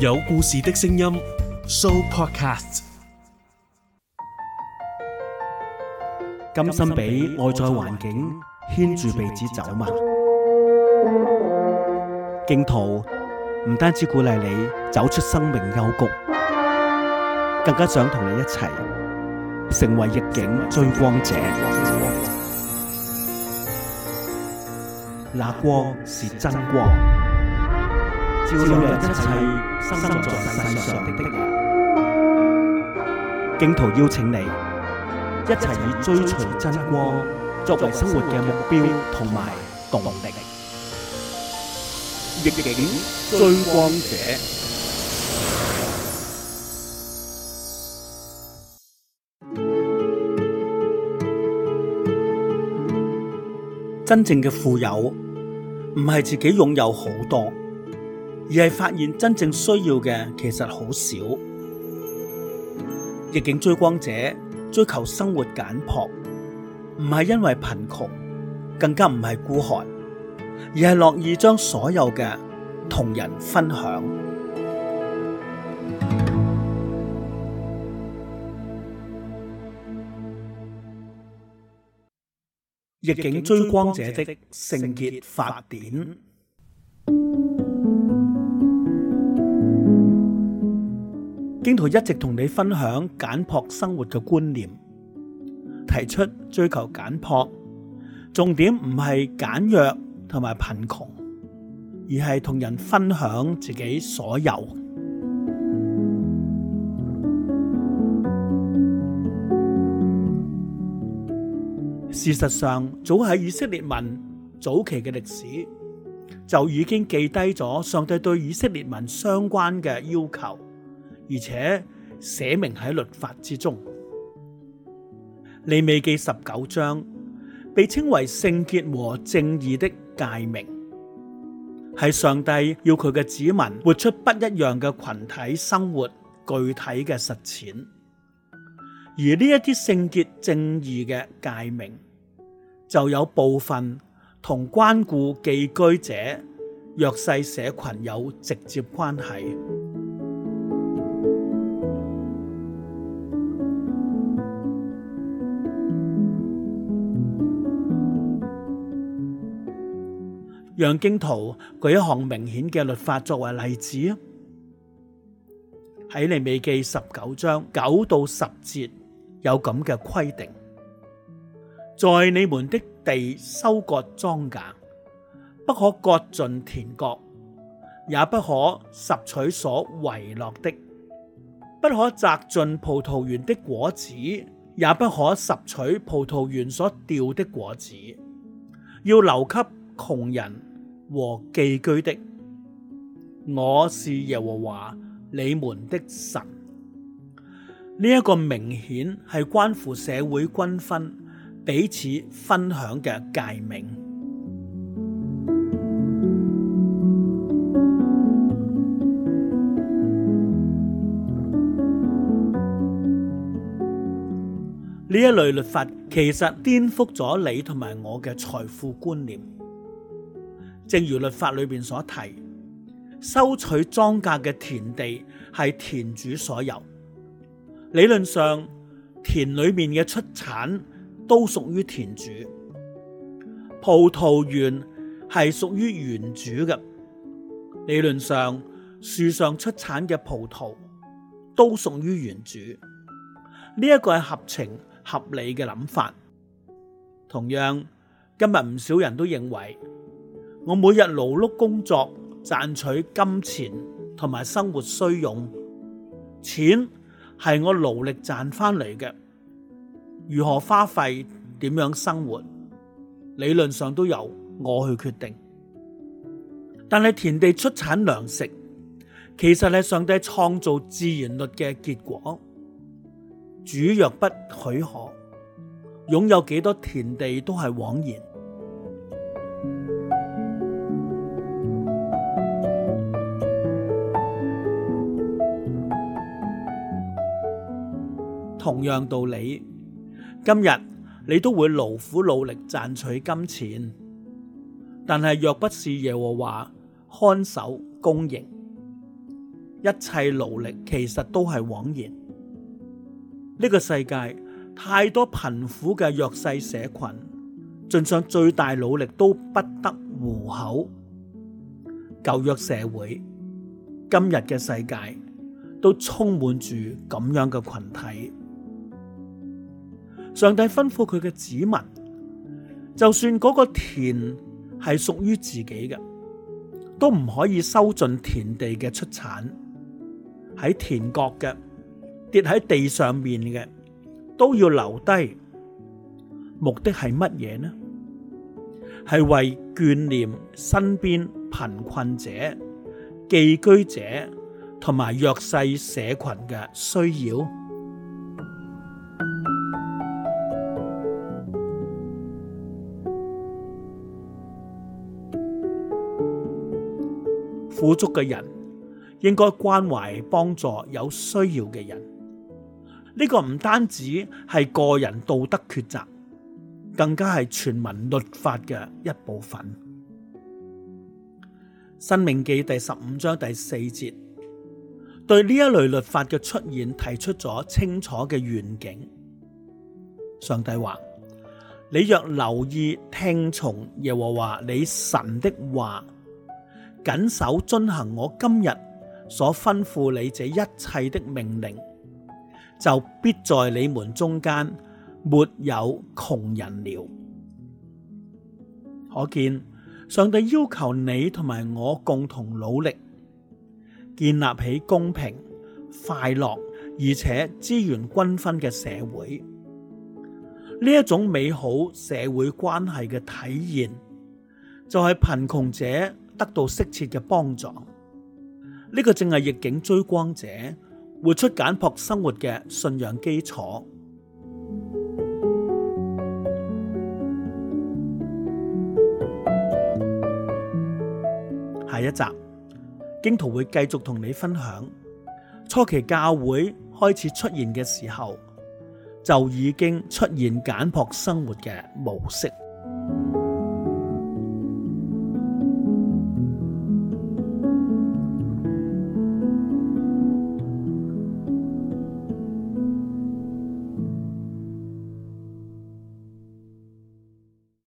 有故事的聲音，Sooopodcast。甘心俾外在環境牽住鼻子走嗎？荊徒唔單止鼓勵你走出生命幽谷，更加想同你一齊成為逆境追光者。那光是真光。照亮一切生在世上的的人，荊徒邀請你一齊以追隨真光作為生活嘅目標同埋動力，逆境追光者。真正嘅富有，唔係自己擁有好多。而係發現真正需要嘅，其實好少。逆境追光者追求生活簡樸，唔係因為貧窮，更加唔係孤寒，而係樂意將所有嘅同人分享。逆境追光者的聖潔法典。荊徒一直同你分享簡樸生活嘅觀念，提出追求簡樸，重點唔係簡約同埋貧窮，而係同人分享自己所有。 事實上，早喺以色列民早期嘅歷史就已經記低咗上帝對以色列民相關嘅要求。而且寫明喺律法之中，利未記十九章被稱為聖潔和正義的誡命，係上帝要佢嘅子民活出不一樣嘅群體生活具體嘅實踐。而呢一啲聖潔、正義嘅誡命，就有部分同關顧寄居者、弱勢社群有直接關係。讓荊徒舉一項明顯嘅律法作為例子啊，喺利未記十九章九到十節有咁嘅規定：在你們的地收割莊稼，不可割盡田角，也不可拾取所遺落的；不可摘盡葡萄園的果子，也不可拾取葡萄園所掉的果子，要留給窮人。和寄居的，我是耶和華你們的神。呢、這、一個明顯係關乎社會均分、彼此分享嘅誡命。呢一類律法其實顛覆咗你同埋我嘅財富觀念。正如律法裏面所提，收取莊稼嘅田地係田主所有。理論上，田裏面嘅出產都屬於田主。葡萄園係屬於園主嘅。理論上，樹上出產嘅葡萄都屬於園主。呢一個係合情合理嘅諗法。同樣，今日唔少人都認為。我每日勞碌工作賺取金錢同埋生活需用，錢係我勞力賺翻嚟嘅，如何花費點樣生活，理論上都由我去決定。但係田地出產糧食，其實係上帝創造自然律嘅結果。主若不許可，擁有幾多田地都係枉然。同樣道理，今日你都會勞苦努力賺取金錢，但係若不是耶和華看守供應，一切勞力其實都係枉然。呢、這個世界太多貧苦嘅弱勢社群，盡上最大努力都不得糊口。舊約社會、今日嘅世界都充滿住咁樣嘅群體。上帝吩咐佢嘅子民，就算嗰個田係屬於自己嘅，都唔可以收盡田地嘅出產，喺田角嘅跌喺地上面嘅都要留低。目的係乜嘢呢？係為眷念身邊貧困者、寄居者同埋弱勢社群嘅需要。富足嘅人應該關懷幫助有需要嘅人，呢個唔單止係個人道德抉擇，更加係全民律法嘅一部分。申命記第十五章第四節對呢一類律法嘅出現提出咗清楚嘅願景。上帝話：你若留意聽從耶和華你神的話。謹守遵行我今日所吩咐你這一切的命令，就必在你們中間沒有窮人了。可見上帝要求你同埋我共同努力，建立起公平、快樂而且資源均分嘅社會。呢一種美好社會關係嘅體現，就係貧窮者。得到適切嘅幫助，呢、這個正係逆境追光者活出簡樸生活嘅信仰基礎。下一集荊徒會繼續同你分享，初期教會開始出現嘅時候就已經出現簡樸生活嘅模式。